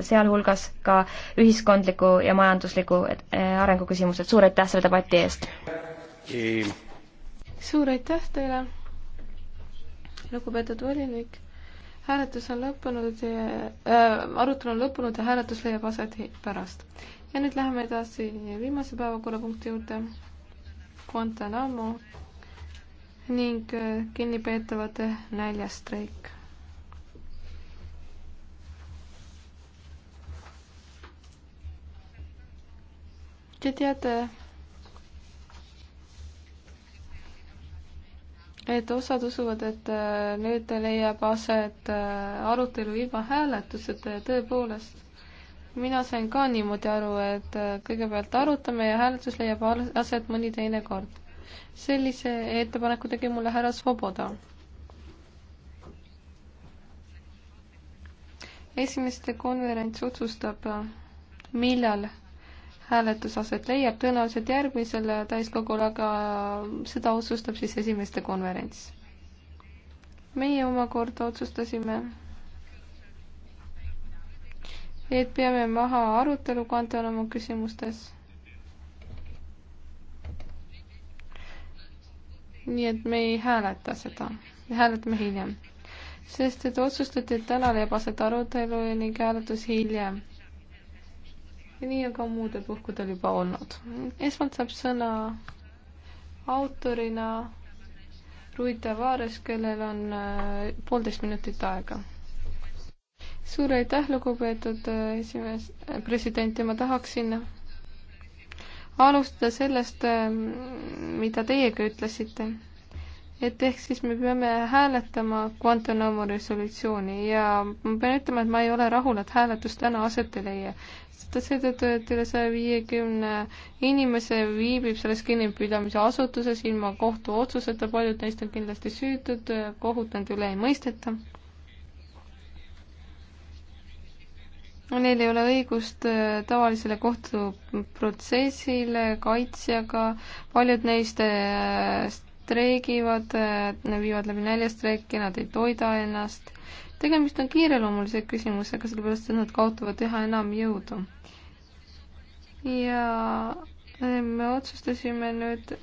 sealhulgas ka ühiskondliku ja majandusliku eh, arengu küsimused. suur aitäh selle debati eest! suur aitäh teile, lugupeetud volinik! hääletus on lõppenud ja äh,, arutelu on lõppenud ja hääletus leiab aset pärast. ja nüüd läheme edasi viimase päevakorrapunkti juurde, Guantanamo ning äh, kinnipeetavate näljastreik Te teate, et osad usuvad, et äh, nüüd leiab aset äh, arutelu ilma hääletuseta ja tõepoolest, mina sain ka niimoodi aru, et äh, kõigepealt arutame ja hääletus leiab aset mõni teine kord. sellise ettepaneku tegi mulle härra Svoboda. esimeste konverents otsustab, millal hääletus aset leiab tõenäoliselt järgmisel täiskogul, aga seda otsustab siis esimeste konverents. meie omakorda otsustasime, et peame maha arutelu Guantanamo küsimustes. nii et me ei hääleta seda, hääletame hiljem, sest et otsustati, et täna leiab aset arutelu ning hääletus hiljem nii on ka muudel puhkudel juba olnud. esmalt saab sõna autorina Rui Tavares, kellel on äh, poolteist minutit aega. suur aitäh, lugupeetud äh, esimees, äh, president ja ma tahaksin alustada sellest, ähm, mida teiegi ütlesite. et ehk siis me peame hääletama Guantanamo resolutsiooni ja ma pean ütlema, et ma ei ole rahul, et hääletus täna aset ei leia seda seetõttu, et üle saja viiekümne inimese viibib selles kinnipidamise asutuses ilma kohtuotsuseta, paljud neist on kindlasti süütud, kohut nende üle ei mõisteta. Neil ei ole õigust äh, tavalisele kohtuprotsessile, kaitsjaga, paljud neist äh, streigivad, äh, viivad läbi näljastreiki, nad ei toida ennast tegemist on kiireloomulise küsimusega, sellepärast et nad kaotavad üha enam jõudu. ja eh, me otsustasime nüüd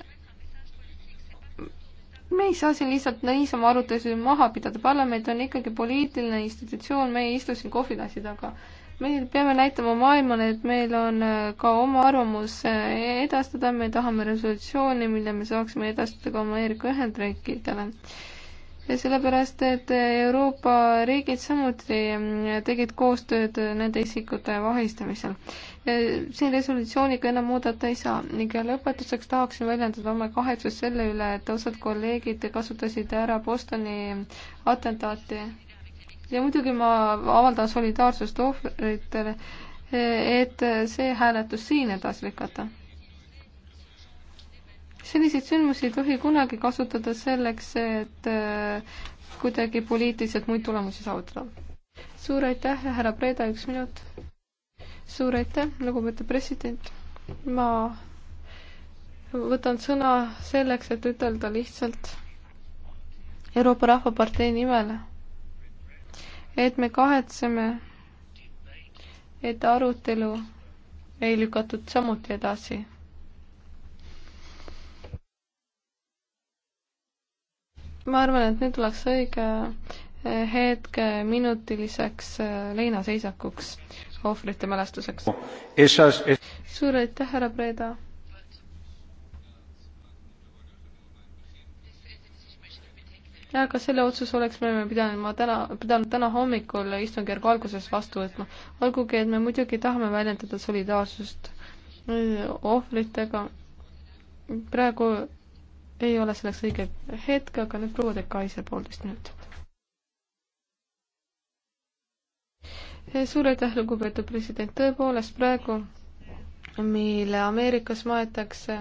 me ei saa siin lihtsalt niisama arutelusid maha pidada, parlament on ikkagi poliitiline institutsioon, me ei istu siin kohvilasi taga. me peame näitama maailmale, et meil on eh, ka oma arvamus eh, edastada, me tahame resolutsiooni, mille me saaksime edastada ka Ameerika Ühendriikidele sellepärast, et Euroopa riigid samuti tegid koostööd nende isikute vahistamisel. siin resolutsiooniga enam muudata ei saa ning lõpetuseks tahaksin väljendada oma kahetsust selle üle, et osad kolleegid kasutasid ära Bostoni atentaati. ja muidugi ma avaldan solidaarsust ohvritele, et see hääletus siin edasi lükata selliseid sündmusi ei tohi kunagi kasutada selleks, et äh, kuidagi poliitiliselt muid tulemusi saavutada. suur aitäh, härra Preda, üks minut. suur aitäh, lugupeetud president. ma võtan sõna selleks, et ütelda lihtsalt Euroopa Rahvapartei nimel, et me kahetseme, et arutelu ei lükatud samuti edasi ma arvan, et nüüd oleks õige eh, hetk eh, minutiliseks eh, leinaseisakuks ohvrite mälestuseks. suur aitäh, härra Breda! jaa, aga selle otsuse oleks me pidanud ma täna, pidanud täna hommikul istungjärgu alguses vastu võtma. olgugi, et me muidugi tahame väljendada solidaarsust ohvritega. praegu ei ole selleks õige hetk, aga nüüd proua De Kaiser poolteist minutit. suur aitäh, lugupeetud president, tõepoolest praegu, mil Ameerikas maetakse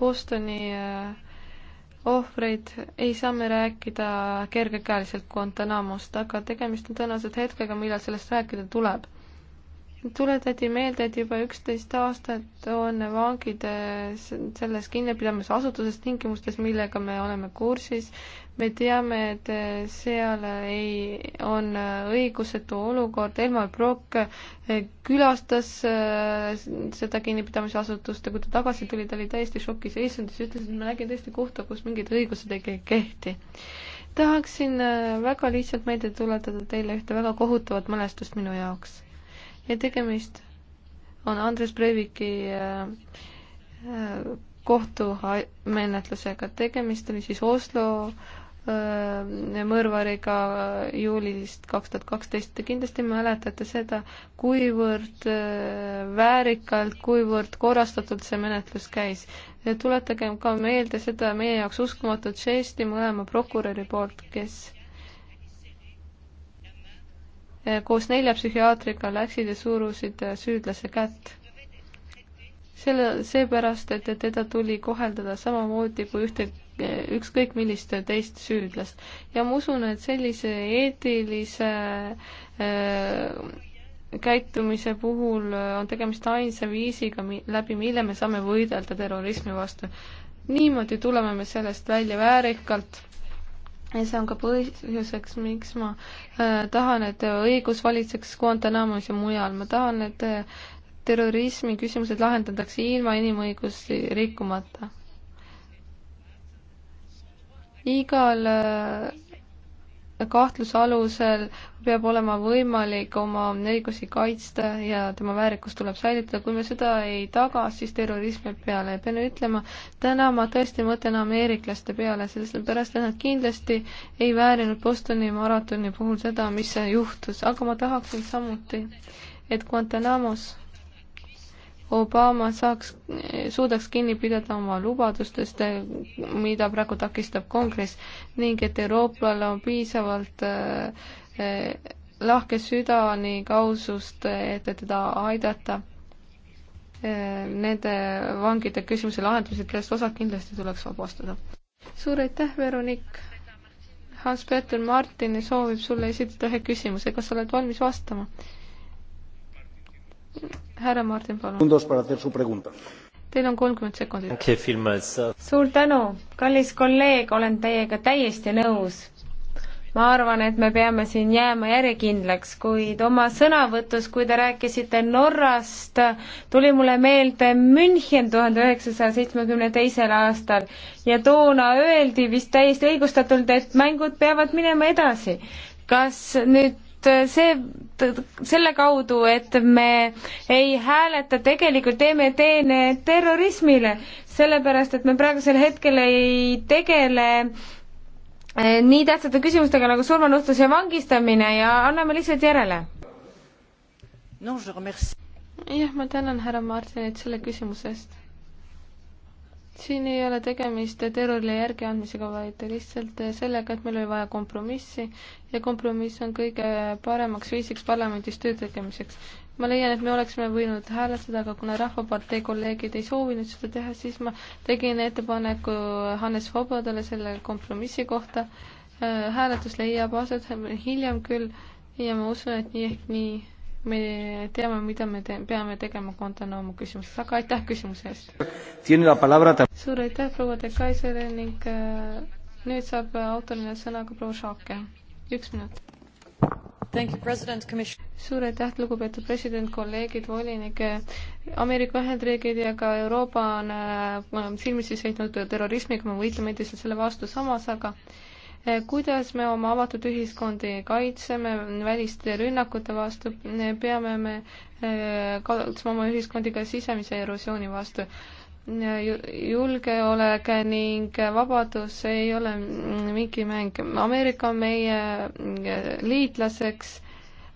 Bostoni äh, ohvreid, ei saa me rääkida kergekäeliselt Guantanamost, aga tegemist on tõenäoliselt hetkega, millal sellest rääkida tuleb tuletati meelde, et juba üksteist aastat on vangid eh, selles kinnipidamisasutuses tingimustes, millega me oleme kursis. me teame, et eh, seal ei, on eh, õigusetu olukord. Elmar Brok külastas seda kinnipidamisasutust ja kui ta tagasi tuli, ta oli täiesti šokis seisundis, ütles, et ma nägin tõesti kohta, kus mingid õigused ei kehti tahaksin väga lihtsalt meelde tuletada teile ühte väga kohutavat mälestust minu jaoks ja tegemist on Andres Breiviki äh, äh, kohtumenetlusega, tegemist oli siis Oslo äh, mõrvariga juulist kaks tuhat kaksteist. Te kindlasti mäletate seda, kuivõrd väärikalt, kuivõrd korrastatult see menetlus käis. tuletagem ka meelde seda meie jaoks uskumatut žesti mõlema prokuröri poolt, kes koos nelja psühhiaatriga läksid ja surusid äh, süüdlase kätt. selle, seepärast, et teda tuli koheldada samamoodi kui ühte, äh, ükskõik millist teist süüdlast. ja ma usun, et sellise eetilise äh, käitumise puhul äh, on tegemist ainsa viisiga, läbi mille me saame võidelda terrorismi vastu. niimoodi tuleme me sellest välja väärikalt ja see on ka põhjuseks, miks ma äh, tahan, et õigus valitseks Guantanamos ja mujal, ma tahan, et äh, terrorismi küsimused lahendatakse ilma inimõigusi rikkumata. igal äh, kahtluse alusel peab olema võimalik oma õigusi kaitsta ja tema väärikus tuleb säilitada. kui me seda ei taga, siis terrorism jääb peale ja pean ütlema, täna ma tõesti mõtlen ameeriklaste peale, sellepärast et nad kindlasti ei väärinud Bostoni maratoni puhul seda, mis juhtus, aga ma tahaksin samuti, et Guantanamos Obama saaks, suudaks kinni pidada oma lubadustest, mida praegu takistab Kongress ning et Euroopal on piisavalt eh, eh, lahke süda ning ausust, et teda aidata eh, nende vangide küsimuse lahendamisel, kellest osad kindlasti tuleks vabastada. suur aitäh, Veronik! Hans-Peeter Martin soovib sulle esitada ühe küsimuse, kas sa oled valmis vastama? härra Martin, palun. Teil on kolmkümmend sekundit. Äh, suur tänu, kallis kolleeg, olen teiega täiesti nõus. ma arvan, et me peame siin jääma järjekindlaks, kuid oma sõnavõtus, kui te rääkisite Norrast, tuli mulle meelde München tuhande üheksasaja seitsmekümne teisel aastal ja toona öeldi vist täiesti õigustatult, et mängud peavad minema edasi. kas nüüd see, selle kaudu, et me ei hääleta, tegelikult teeme teene terrorismile, sellepärast et me praegusel hetkel ei tegele eh, nii tähtsate küsimustega nagu surmanuhtlus ja vangistamine ja anname lihtsalt järele. jah, ma tänan härra Martinit selle küsimuse eest siin ei ole tegemist terrorile järgi andmisega, vaid lihtsalt sellega, et meil oli vaja kompromissi ja kompromiss on kõige paremaks viisiks parlamendis töö tegemiseks. ma leian, et me oleksime võinud hääletada, aga kuna Rahvapartei kolleegid ei soovinud seda teha, siis ma tegin ettepaneku Hannes Vabadale selle kompromissi kohta. Äh, hääletus leiab aset hiljem küll ja ma usun, et nii ehk nii me teame, mida me te peame tegema Guantanamo küsimuses, aga aitäh küsimuse eest. suur aitäh, proua de Kaisele ning äh, nüüd saab autorina sõna ka proua Šaake. üks minut. suur aitäh, lugupeetud president, kolleegid, volinik. Ameerika Ühendriigid ja ka Euroopa on äh, silmitsi seisnud terrorismiga, me võitleme endiselt selle vastu samas, aga äh, kuidas me oma avatud ühiskondi kaitseme väliste rünnakute vastu, peame me eh, kaotsema oma ühiskondi ka sisemise erosiooni vastu. julgeolek ning vabadus ei ole mingi mäng. Ameerika on meie eh, liitlaseks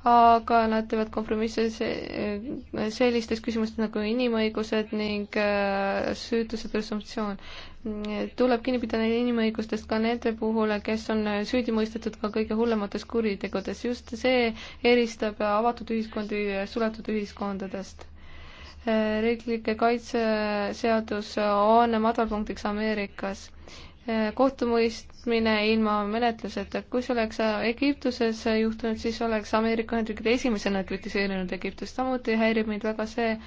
aga nad teevad kompromisse äh, sellistes küsimustes nagu inimõigused ning äh, süütuse presumptsioon. tuleb kinni pidada inimõigustest ka nende puhul, kes on süüdi mõistetud ka kõige hullemates kuritegudes. just see eristab avatud ühiskondi suletud ühiskondadest. Äh, riiklike kaitseseadus on madalpunktiks Ameerikas kohtumõistmine ilma menetluseta. kui see oleks Egiptuses juhtunud, siis oleks Ameerika Ühendriigid esimesena kritiseerinud Egiptust. samuti häirib mind väga see,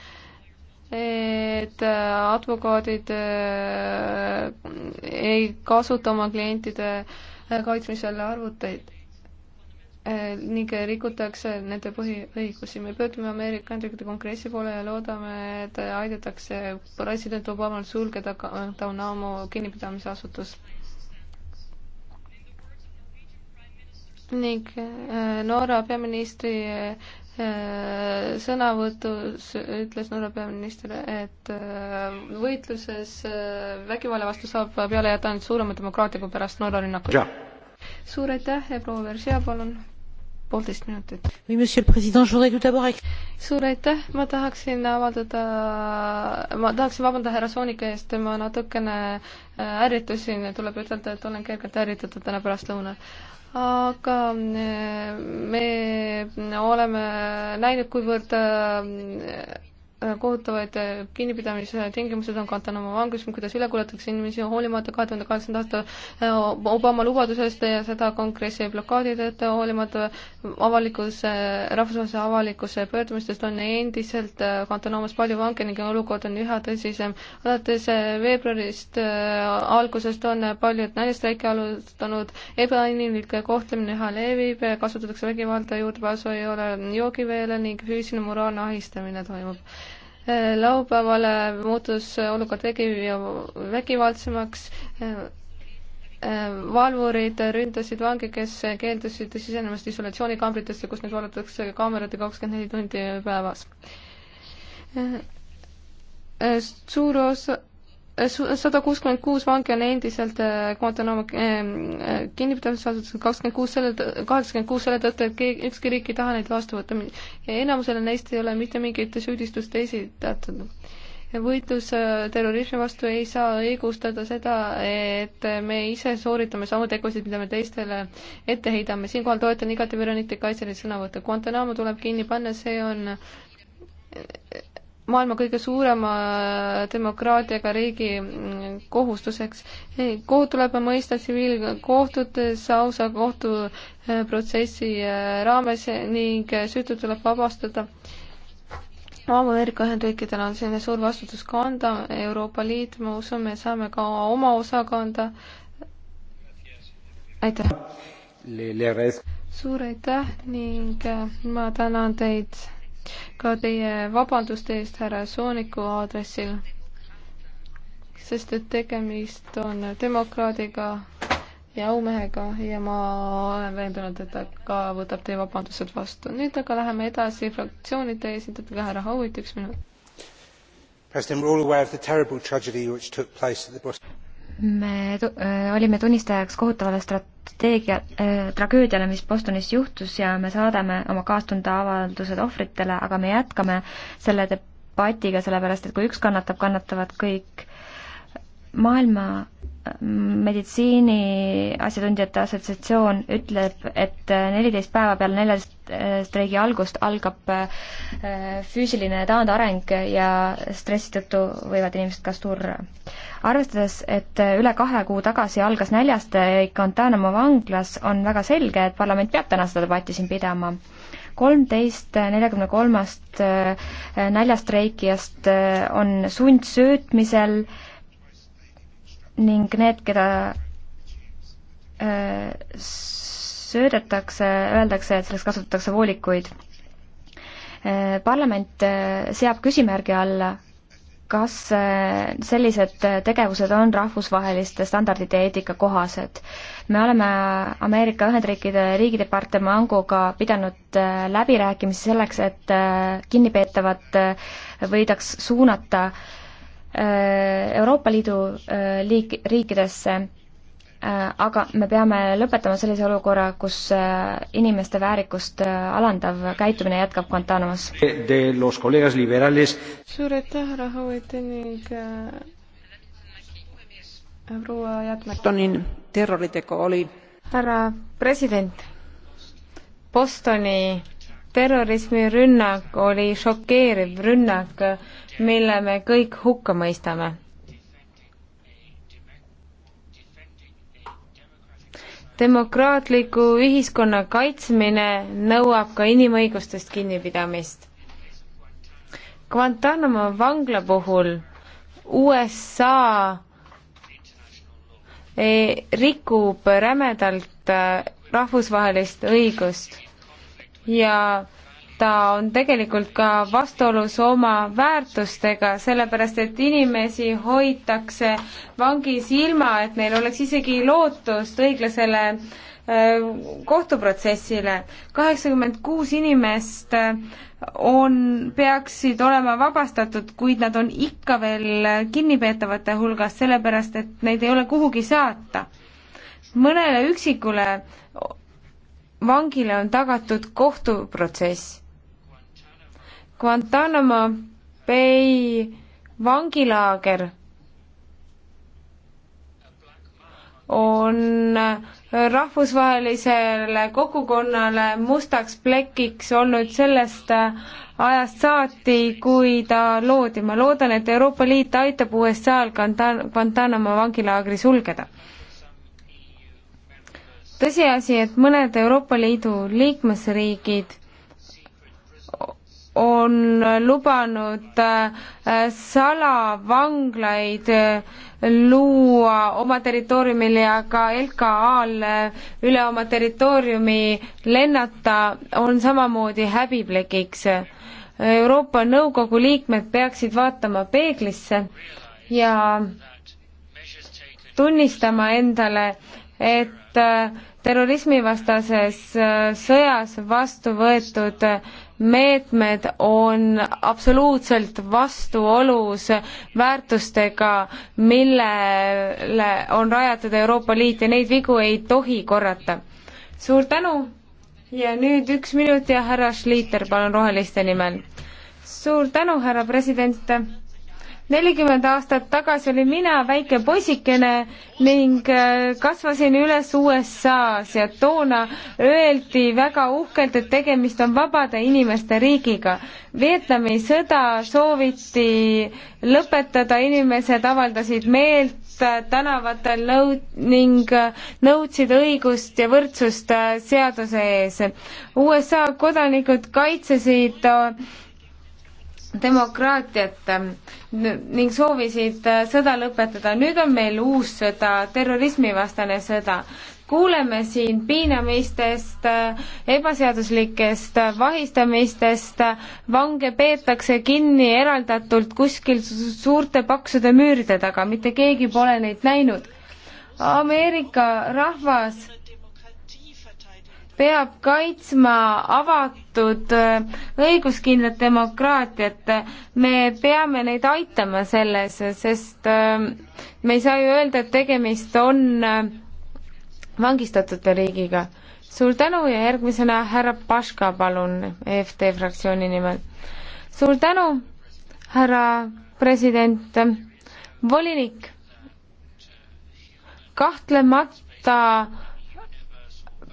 et äh, advokaadid äh, ei kasuta oma klientide äh, kaitsmisel arvuteid Eh, ning rikutakse nende põhiõigusi. me pöördume Ameerika Ühendriikide Kongressi poole ja loodame, et aidatakse president Obamal sulgeda Guantanamo kinnipidamise asutus. ning eh, Norra peaministri eh, sõnavõtus ütles Norra peaminister, et võitluses vägivalla vastu saab peale jätta ainult suurema demokraatia kui pärast Norra rünnakut. suur aitäh ja proua Veržea, palun poolteist minutit. suur aitäh, ma tahaksin avaldada, ma tahaksin vabandada härra Soonika eest, ma natukene äh, ärritusin, tuleb ütelda, et olen kergelt ärritatud täna pärastlõunal aga äh, me oleme näinud, kuivõrd äh, Äh, kohutavaid äh, kinnipidamise tingimused on Guantanamo vanglas, kuidas üle kuulatakse inimesi hoolimata kahe tuhande kaheksanda aasta äh, Obama lubadusest ja seda kongressi blokaadideta, hoolimata avalikkuse, rahvusvahelise avalikkuse pöördumistest on endiselt Guantanamos palju vange ning olukord on üha tõsisem. alates veebruarist algusest on paljud naistreike alustanud, ebainimlik kohtlemine üha levib, kasutatakse vägivalda, juurdepääsu ei ole joogiveele ning füüsiline moraalne ahistamine toimub laupäeval muutus olukord vägi, vägivaldsemaks. valvurid ründasid vange, kes keeldusid sisenemast isolatsioonikaambritesse, kus neid vaadatakse kaamerate kakskümmend neli tundi päevas. suur osa sada kuuskümmend kuus vangi on endiselt äh, Guantanamo äh, äh, kinnipidamisasutuses, kakskümmend kuus selle, kaheksakümmend kuus selle tõttu, et keegi, ükski riik ei taha neid vastu võtta. enamusele neist ei ole mitte mingit süüdistust esitatud. võitlus terrorismi vastu ei saa õigustada seda, et me ise sooritame samu tegusid, mida me teistele ette heidame. siinkohal toetan igati Veronika Kaitseli sõnavõttu. Guantanamo tuleb kinni panna, see on maailma kõige suurema äh, demokraatiaga riigi mm, kohustuseks. kohut tuleb mõista tsiviilkohtutes ausa kohtuprotsessi äh, äh, raames ning süütud tuleb vabastada. Ameerika Ühendriikidel on selline suur vastutus kanda, Euroopa Liit, ma usun, me saame ka oma osa kanda. aitäh! suur aitäh ning ma tänan teid ka teie vabanduste eest härra Sooniku aadressil, sest et tegemist on demokraadiga ja aumehega ja ma olen veendunud, et ta ka võtab teie vabandused vastu. nüüd aga läheme edasi fraktsioonide esindajatega, härra Howitt, üks minut. President, we are all aware of the terrible tragedy which took place at the Boston me äh, olime tunnistajaks kohutavale strateegia äh,, tragöödiale, mis Bostonis juhtus ja me saadame oma kaastundeavaldused ohvritele, aga me jätkame selle debatiga, sellepärast et kui üks kannatab, kannatavad kõik. maailma meditsiiniasjatundjate assotsiatsioon ütleb, et neliteist päeva peale neljastreigi algust algab äh, füüsiline taandareng ja stressi tõttu võivad inimesed ka surra. arvestades, et üle kahe kuu tagasi algas näljastreik Guantanamo vanglas, on väga selge, et parlament peab täna seda debatti siin pidama kolmteist neljakümne kolmest äh, näljastreikijast äh, on sundsöötmisel äh, ning need, keda äh, söödetakse, öeldakse, et selleks kasutatakse voolikuid. Äh, parlament äh, seab küsimärgi alla, kas sellised tegevused on rahvusvaheliste standardite ja eetika kohased. me oleme Ameerika Ühendriikide riigidepartemanguga pidanud läbirääkimisi selleks, et kinnipeetavad võidaks suunata äh, Äh, Euroopa Liidu äh, liik-, riikidesse, äh, aga me peame lõpetama sellise olukorra, kus inimeste väärikust alandav käitumine jätkab Guantanamos. suur aitäh, härra Hauiti ning proua Jätmäe. Bostonin terroritegu oli. härra president, Bostoni terrorismirünnak oli šokeeriv rünnak, mille me kõik hukka mõistame. demokraatliku ühiskonna kaitsmine nõuab ka inimõigustest kinnipidamist. Guantanamo vangla puhul USA eh, rikub rämedalt eh, rahvusvahelist õigust ja ta on tegelikult ka vastuolus oma väärtustega, sellepärast et inimesi hoitakse vangis ilma, et neil oleks isegi lootust õiglasele äh, kohtuprotsessile. kaheksakümmend kuus inimest äh, on, peaksid olema vabastatud, kuid nad on ikka veel kinnipeetavate hulgas, sellepärast et neid ei ole kuhugi saata. mõnele üksikule vangile on tagatud kohtuprotsess. Guantanamo Bay vangilaager on rahvusvahelisele kogukonnale mustaks plekiks olnud sellest ajast saati, kui ta loodi. ma loodan, et Euroopa Liit aitab USA-l Guantanamo vangilaagri sulgeda tõsiasi, et mõned Euroopa Liidu liikmesriigid on lubanud äh, salavanglaid äh, luua oma territooriumil ja ka LKA-l üle oma territooriumi lennata, on samamoodi häbiplekiks. Euroopa Nõukogu liikmed peaksid vaatama peeglisse ja tunnistama endale, et äh, terrorismivastases äh, sõjas vastu võetud meetmed on absoluutselt vastuolus väärtustega, millele on rajatud Euroopa Liit ja neid vigu ei tohi korrata. suur tänu ja nüüd üks minut ja härra Schliiter, palun Roheliste nimel. suur tänu, härra president nelikümmend aastat tagasi olin mina väike poisikene ning äh, kasvasin üles USA-s ja toona öeldi väga uhkelt, et tegemist on vabade inimeste riigiga. Vietnami sõda sooviti lõpetada, inimesed avaldasid meelt äh, tänavatel nõud- ning äh, nõudsid õigust ja võrdsust seaduse ees. USA kodanikud kaitsesid demokraatiat ähm, ning soovisid äh, sõda lõpetada. nüüd on meil uus sõda, terrorismivastane sõda. kuuleme siin piinamistest, äh, ebaseaduslikest äh, vahistamistest, vange peetakse kinni eraldatult kuskil suurte paksude müüride taga, mitte keegi pole neid näinud. Ameerika rahvas peab kaitsma avatud äh, õiguskindlat demokraatiat. me peame neid aitama selles, sest äh, me ei saa ju öelda, et tegemist on äh, vangistatute riigiga. suur tänu ja järgmisena härra Paška, palun, EFT fraktsiooni nimel. suur tänu, härra president, volinik. kahtlemata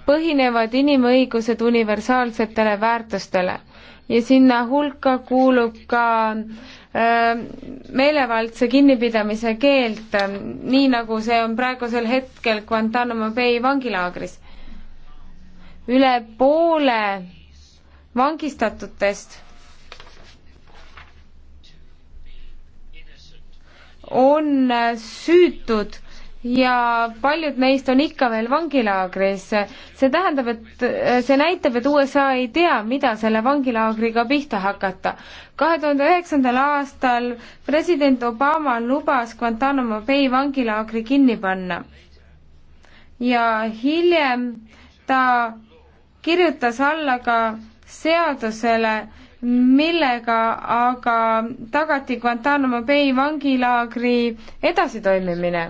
põhinevad inimõigused universaalsetele väärtustele ja sinna hulka kuulub ka äh, meelevaldse kinnipidamise keeld, nii nagu see on praegusel hetkel Guantanamo Bay vangilaagris. üle poole vangistatutest on süütud ja paljud neist on ikka veel vangilaagris. see tähendab, et äh, see näitab, et USA ei tea, mida selle vangilaagriga pihta hakata. kahe tuhande üheksandal aastal president Obama lubas Guantanamo Bay vangilaagri kinni panna. ja hiljem ta kirjutas alla ka seadusele, millega aga tagati Guantanamo Bay vangilaagri edasitoimimine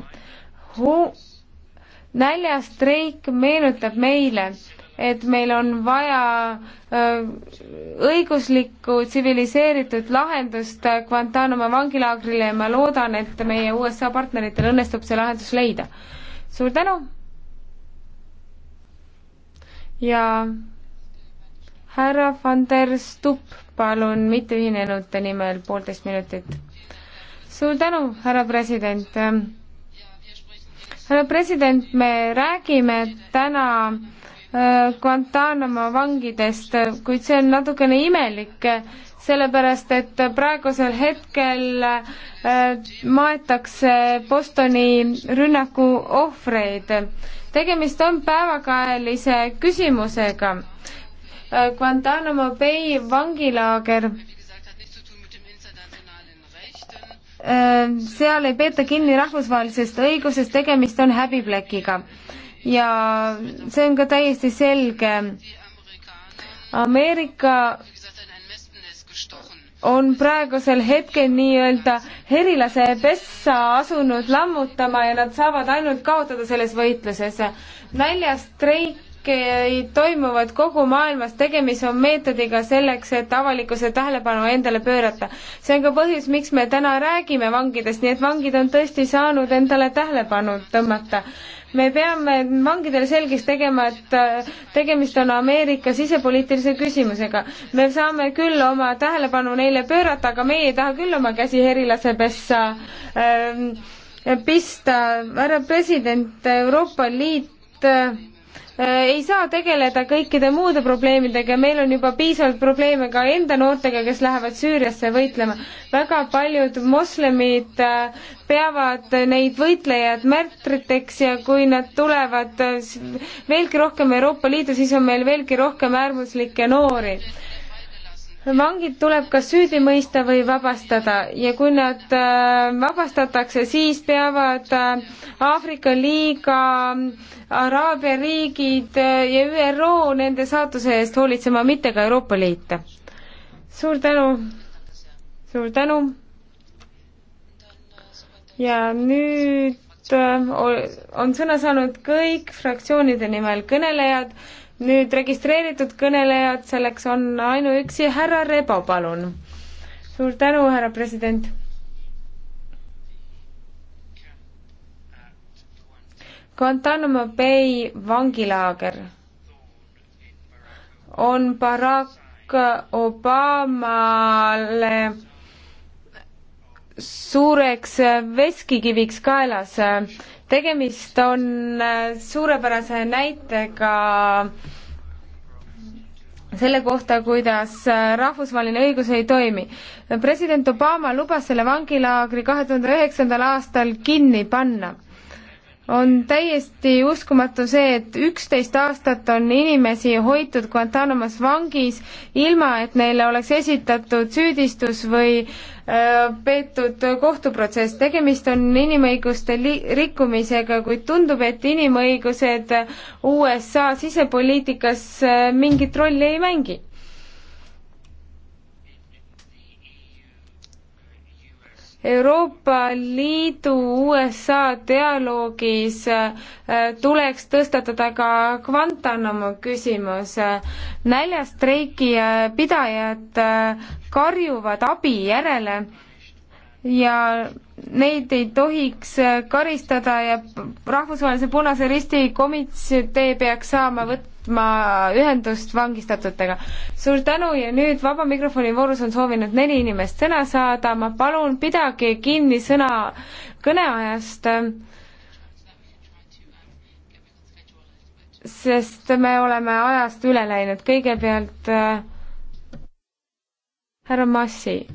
näljastreik meenutab meile, et meil on vaja õiguslikku tsiviliseeritud lahendust Guantanamo vangilaagrile ja ma loodan, et meie USA partneritel õnnestub see lahendus leida. suur tänu! ja härra van der Stupp, palun mitteühinenute nimel poolteist minutit. suur tänu, härra president härra president, me räägime täna äh, Guantanamo vangidest, kuid see on natukene imelik, sellepärast et praegusel hetkel äh, maetakse Bostoni rünnaku ohvreid. tegemist on päevakajalise küsimusega. Äh, Guantanamo Bay vangilaager Äh, seal ei peeta kinni rahvusvahelisest õigusest, tegemist on häbiplekiga. ja see on ka täiesti selge. Ameerika on praegusel hetkel nii-öelda herilase pessa asunud lammutama ja nad saavad ainult kaotada selles võitluses. näljastreik hakkeid toimuvad kogu maailmas, tegemist on meetodiga selleks, et avalikkuse tähelepanu endale pöörata. see on ka põhjus, miks me täna räägime vangidest, nii et vangid on tõesti saanud endale tähelepanu tõmmata me peame vangidele selgeks tegema, et äh, tegemist on Ameerika sisepoliitilise küsimusega. me saame küll oma tähelepanu neile pöörata, aga meie ei taha küll oma käsi herilase pessa ähm, pista. härra president, Euroopa Liit äh, Äh, ei saa tegeleda kõikide muude probleemidega, meil on juba piisavalt probleeme ka enda noortega, kes lähevad Süüriasse võitlema. väga paljud moslemid äh, peavad neid võitlejad märtriteks ja kui nad tulevad äh, veelgi rohkem Euroopa Liidu, siis on meil veelgi rohkem äärmuslikke noori vangid tuleb kas süüdi mõista või vabastada ja kui nad äh, vabastatakse, siis peavad äh, Aafrika Liiga, Araabia riigid äh, ja ÜRO nende saatuse eest hoolitsema, mitte ka Euroopa Liit. suur tänu, suur tänu. ja nüüd on sõna saanud kõik fraktsioonide nimel kõnelejad nüüd registreeritud kõnelejad, selleks on ainuüksi härra Rebo, palun. suur tänu, härra president. Guantanamo Bay vangilaager on Barack Obamale suureks veskikiviks kaelas äh, tegemist on äh, suurepärase näitega selle kohta, kuidas äh, rahvusvaheline õigus ei toimi. president Obama lubas selle vangilaagri kahe tuhande üheksandal aastal kinni panna on täiesti uskumatu see, et üksteist aastat on inimesi hoitud Guantanamos vangis, ilma et neile oleks esitatud süüdistus või öö, äh, peetud kohtuprotsess. tegemist on inimõiguste li-, rikkumisega, kuid tundub, et inimõigused USA sisepoliitikas äh, mingit rolli ei mängi Euroopa Liidu USA dialoogis äh, tuleks tõstatada ka Guantanamo küsimus. näljastreiki äh, pidajad äh, karjuvad abi järele ja neid ei tohiks karistada ja rahvusvahelise Punase Risti komitee peaks saama võtta võtma ühendust vangistatutega. suur tänu ja nüüd vaba mikrofoni voorus on soovinud neli inimest sõna saada, ma palun, pidage kinni sõna kõneajast, sest me oleme ajast üle läinud, kõigepealt äh, härra Massi.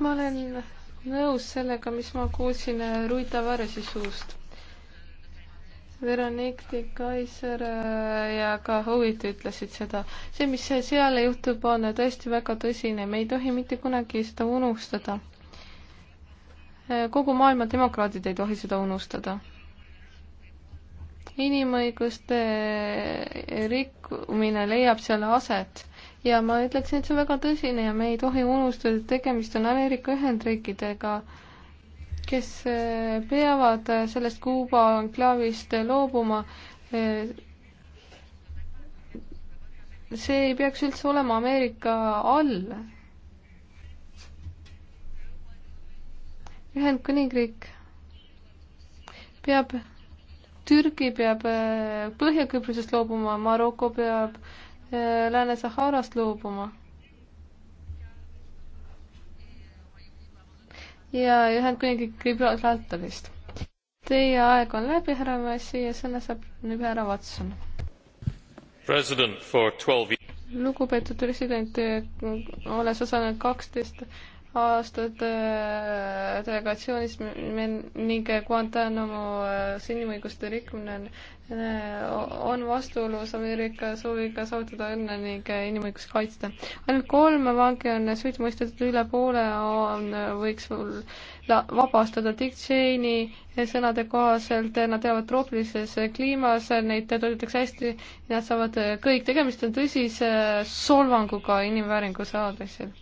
ma olen nõus sellega, mis ma kuulsin äh, Rui Tavaresi suust Veronique de Kaiser äh, ja ka Howitt ütlesid seda. see, mis seal juhtub, on tõesti väga tõsine, me ei tohi mitte kunagi seda unustada. Äh, kogu maailma demokraadid ei tohi seda unustada. inimõiguste äh, rikkumine leiab seal aset ja ma ütleksin, et see on väga tõsine ja me ei tohi unustada, et tegemist on Ameerika Ühendriikidega kes eh, peavad eh, sellest Kuuba enklaavist eh, loobuma, see ei peaks üldse olema Ameerika all. Ühendkuningriik peab, Türgi peab Põhja-Küprosest loobuma, Maroko peab Lääne-Saharast loobuma ja Ühendkuningriigi Gibraltarist. Teie aeg on läbi, härra Massi, ja sõna saab nüüd härra Watson. lugupeetud president, olles osalenud kaksteist 12 aastat äh, delegatsioonis ning Guantanamo äh, inimõiguste rikkumine äh, on vastuolus Ameerika sooviga saavutada õnne ning inimõigusi kaitsta. ainult kolm vangi on süüdi mõistetud, üle poole on, võiks vabastada Dick Cheney sõnade kohaselt, nad elavad troopilises kliimas, neid toidetakse hästi, nad saavad kõik, tegemist on tõsise solvanguga inimvääringu saadmisel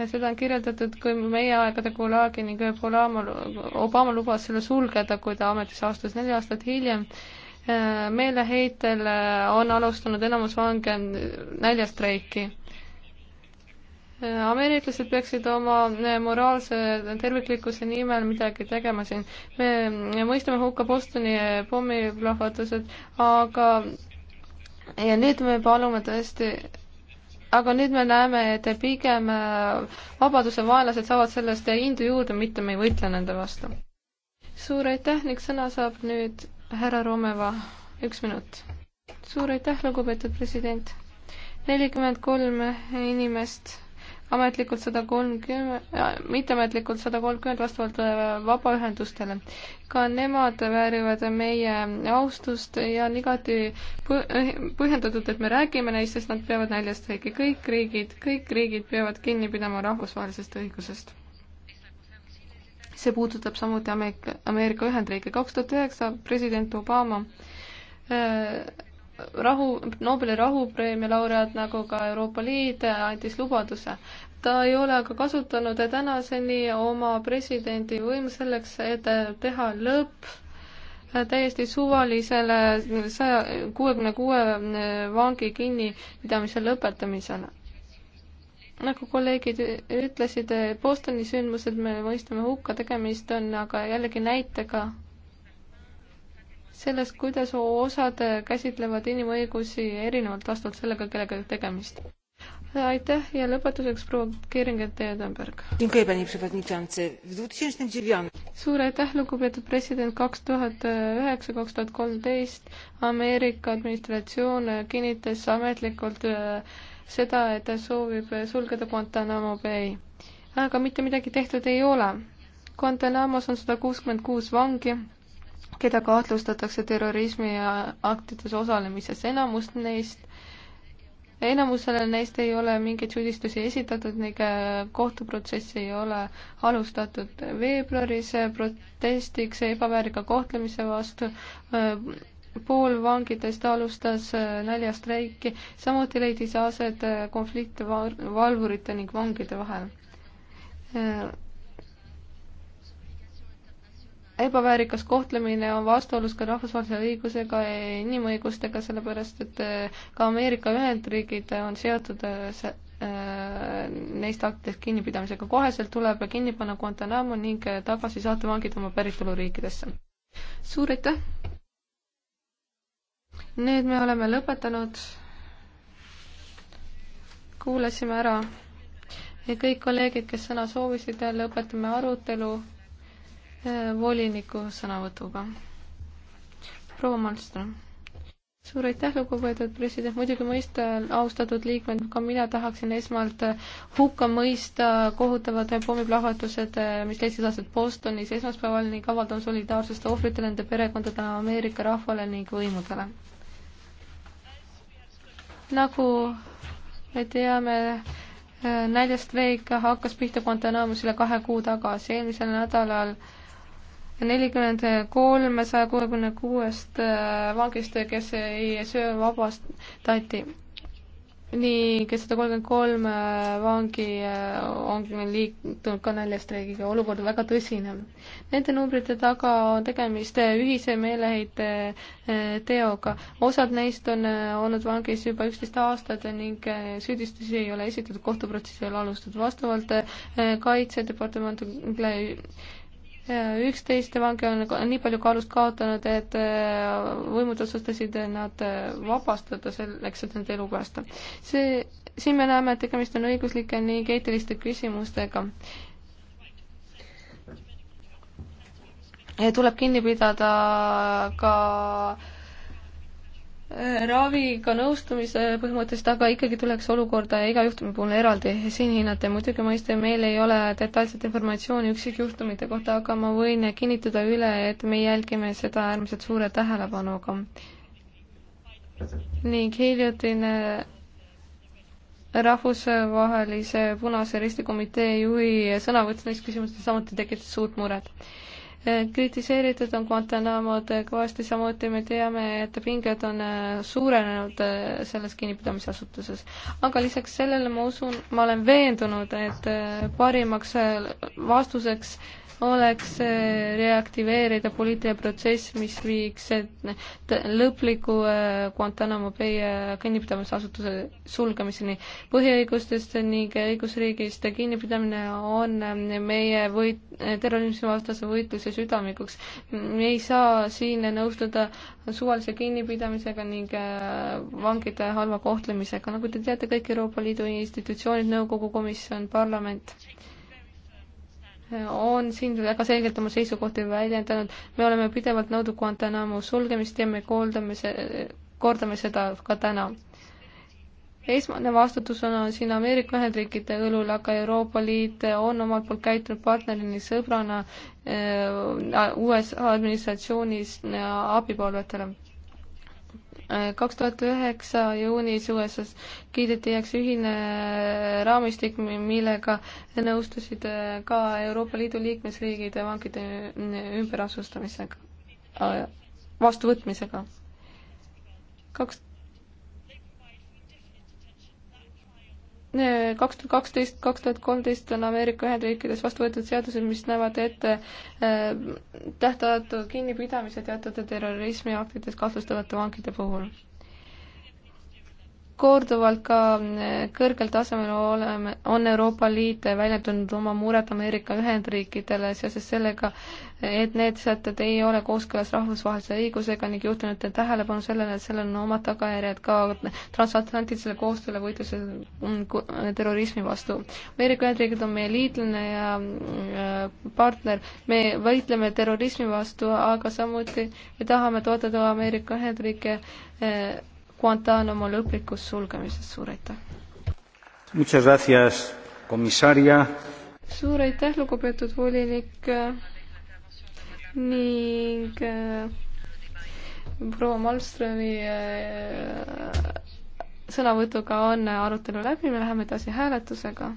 seda on kirjeldatud kui meie aegade Gulagi ning Obama, Obama lubas selle sulgeda, kui ta ametisse astus neli aastat hiljem. Äh, meeleheitel äh, on alustanud enamus vange näljastreiki. Äh, ameeriklased peaksid oma moraalse terviklikkuse nimel midagi tegema siin. me mõistame hukka Bostoni pommiplahvatused, aga ja nüüd me palume tõesti aga nüüd me näeme, et pigem äh, vabaduse vaenlased saavad sellest indu juurde, mitte me ei võitle nende vastu. suur aitäh ning sõna saab nüüd härra Romeva, üks minut. suur aitäh, lugupeetud president. nelikümmend kolm inimest ametlikult sada kolmkümmend, äh, mitteametlikult sada kolmkümmend vastavalt äh, vabaühendustele. ka nemad väärivad meie austust ja on igati äh, põhjendatud, et me räägime neist, sest nad peavad näljastreiki. kõik riigid, kõik riigid peavad kinni pidama rahvusvahelisest õigusest see puudutab samuti Ameerika, Ameerika Ühendriike. kaks tuhat üheksa president Obama äh, rahu, Nobeli rahupreemia laureaat nagu ka Euroopa Liit andis lubaduse. ta ei ole aga kasutanud tänaseni oma presidendi võimu selleks, et teha lõpp täiesti suvalisele saja kuuekümne kuue vangi kinnipidamise lõpetamisele. nagu kolleegid ütlesid, Bostoni sündmused me mõistame hukka, tegemist on aga jällegi näitega sellest, kuidas osad käsitlevad inimõigusi erinevalt vastavalt sellega, kellega tegemist. aitäh ja lõpetuseks proua Keringer-Teedenberg. suur aitäh, lugupeetud president, kaks tuhat üheksa, kaks tuhat kolmteist Ameerika administratsioon kinnitas ametlikult äh, seda, et ta soovib sulgeda Guantanamo Bay. aga mitte midagi tehtud ei ole. Guantanamos on sada kuuskümmend kuus vangi keda kahtlustatakse terrorismiaktides osalemises, enamus neist enamusele neist ei ole mingeid süüdistusi esitatud ning kohtuprotsessi ei ole alustatud. veebruaris protestiks ebaväärika kohtlemise vastu äh, pool vangidest alustas äh, näljastreiki, samuti leidis aset äh, konflikt valvurite ning vangide vahel ebaväärikas kohtlemine on vastuolus ka rahvusvahelise õigusega ja inimõigustega, sellepärast et äh, ka Ameerika Ühendriigid on seotud äh, see, äh, neist aktidest kinnipidamisega. koheselt tuleb kinni panna Guantanamo ning tagasi saata vangid oma päritoluriikidesse. suur aitäh! nüüd me oleme lõpetanud. kuulasime ära ja kõik kolleegid, kes sõna soovisid, lõpetame arutelu voliniku sõnavõtuga. proua Malmström. suur aitäh, lugupeetud president, muidugi mõista, austatud liikmed, ka mina tahaksin esmalt hukka mõista kohutavad pommiplahvatused, mis leidsid aastat Bostonis esmaspäeval ning avaldama solidaarsust ohvritele, nende perekondadele, Ameerika rahvale ning võimudele. nagu me teame, eh, näljast veega hakkas pihta Guantanamos üle kahe kuu tagasi, eelmisel nädalal äh, nelikümmend kolme saja kuuekümne kuuest äh, vangist, kes ei söö, vabastati. nii, kes sada kolmkümmend kolm äh, vangi äh, on liitunud ka näljastreigiga, olukord on väga tõsine. Nende numbrite taga on tegemist ühise meeleheite teoga. osad neist on olnud vangis juba üksteist aastat ning süüdistusi ei ole esitatud, kohtuprotsessi ei ole alustatud. vastavalt kaitsedepartementile üksteist vangi on nii palju kaalust kaotanud, et äh, võimud otsustasid nad äh, vabastada selleks, et nende elu päästa. see, siin me näeme, et tegemist on õiguslike ning eetiliste küsimustega. tuleb kinni pidada ka Äh, raviga nõustumise põhimõttest, aga ikkagi tuleks olukorda iga juhtumi puhul eraldi siin hinnata ja muidugi mõista, meil ei ole detailset informatsiooni üksikjuhtumite kohta, aga ma võin kinnitada üle, et me jälgime seda äärmiselt suure tähelepanuga. ning hiljutine rahvusvahelise Punase Risti Komitee juhi sõnavõtt neis küsimustes samuti tekitas suurt muret kritiseeritud on Guantanamod kõvasti, samuti me teame, et pinged on äh, suurenenud äh, selles kinnipidamisasutuses. aga lisaks sellele ma usun, ma olen veendunud, et äh, parimaks vastuseks oleks äh, reaktiveerida poliitiline protsess, mis viiks lõpliku äh, Guantanamo Bay äh, kinnipidamisasutuse sulgemiseni. põhiõigustest ning õigusriigist kinnipidamine on meie võit, terrorismivastase võitluse südamikuks. me ei saa siin nõustuda suvalise kinnipidamisega ning vangide halva kohtlemisega, nagu te teate, kõik Euroopa Liidu institutsioonid, nõukogu komisjon, parlament on siin väga selgelt oma seisukohti väljendanud. me oleme pidevalt nõudnud Guantanamo sulgemist ja me kooldame see, kordame seda ka täna. esmane vastutus on siin Ameerika Ühendriikide õlul, aga Euroopa Liit on omalt poolt käitunud partnerina, sõbrana eh, USA administratsioonis eh, abipalvetele kaks tuhat üheksa juunis USA-s kiideti heaks ühine raamistik, millega nõustusid äh, ka Euroopa Liidu liikmesriigid vangide ümberasustamisega, äh, vastuvõtmisega. kaks kaks tuhat kaksteist, kaks tuhat kolmteist on Ameerika Ühendriikides vastu võetud seadused, mis näevad ette äh, tähtajatu kinnipidamise teatud terrorismiaktides kahtlustavate vangide puhul korduvalt ka eh, kõrgel tasemel oleme, on Euroopa Liit väljendanud oma muret Ameerika Ühendriikidele seoses sellega, et need sätted ei ole kooskõlas rahvusvahelise õigusega ning juhtinud tähelepanu sellele, et sellel on omad tagajärjed ka transatlantilisele koostööle võitluses mm, terrorismi vastu. Ameerika Ühendriigid on meie liitlane ja mm, partner, me võitleme terrorismi vastu, aga samuti me tahame toetada Ameerika Ühendriike eh, Guantanamo lõplikust sulgemisest, suur aitäh! suur aitäh, lugupeetud volinik ning äh, proua Malmströmi äh, sõnavõtuga on arutelu läbi, me läheme edasi hääletusega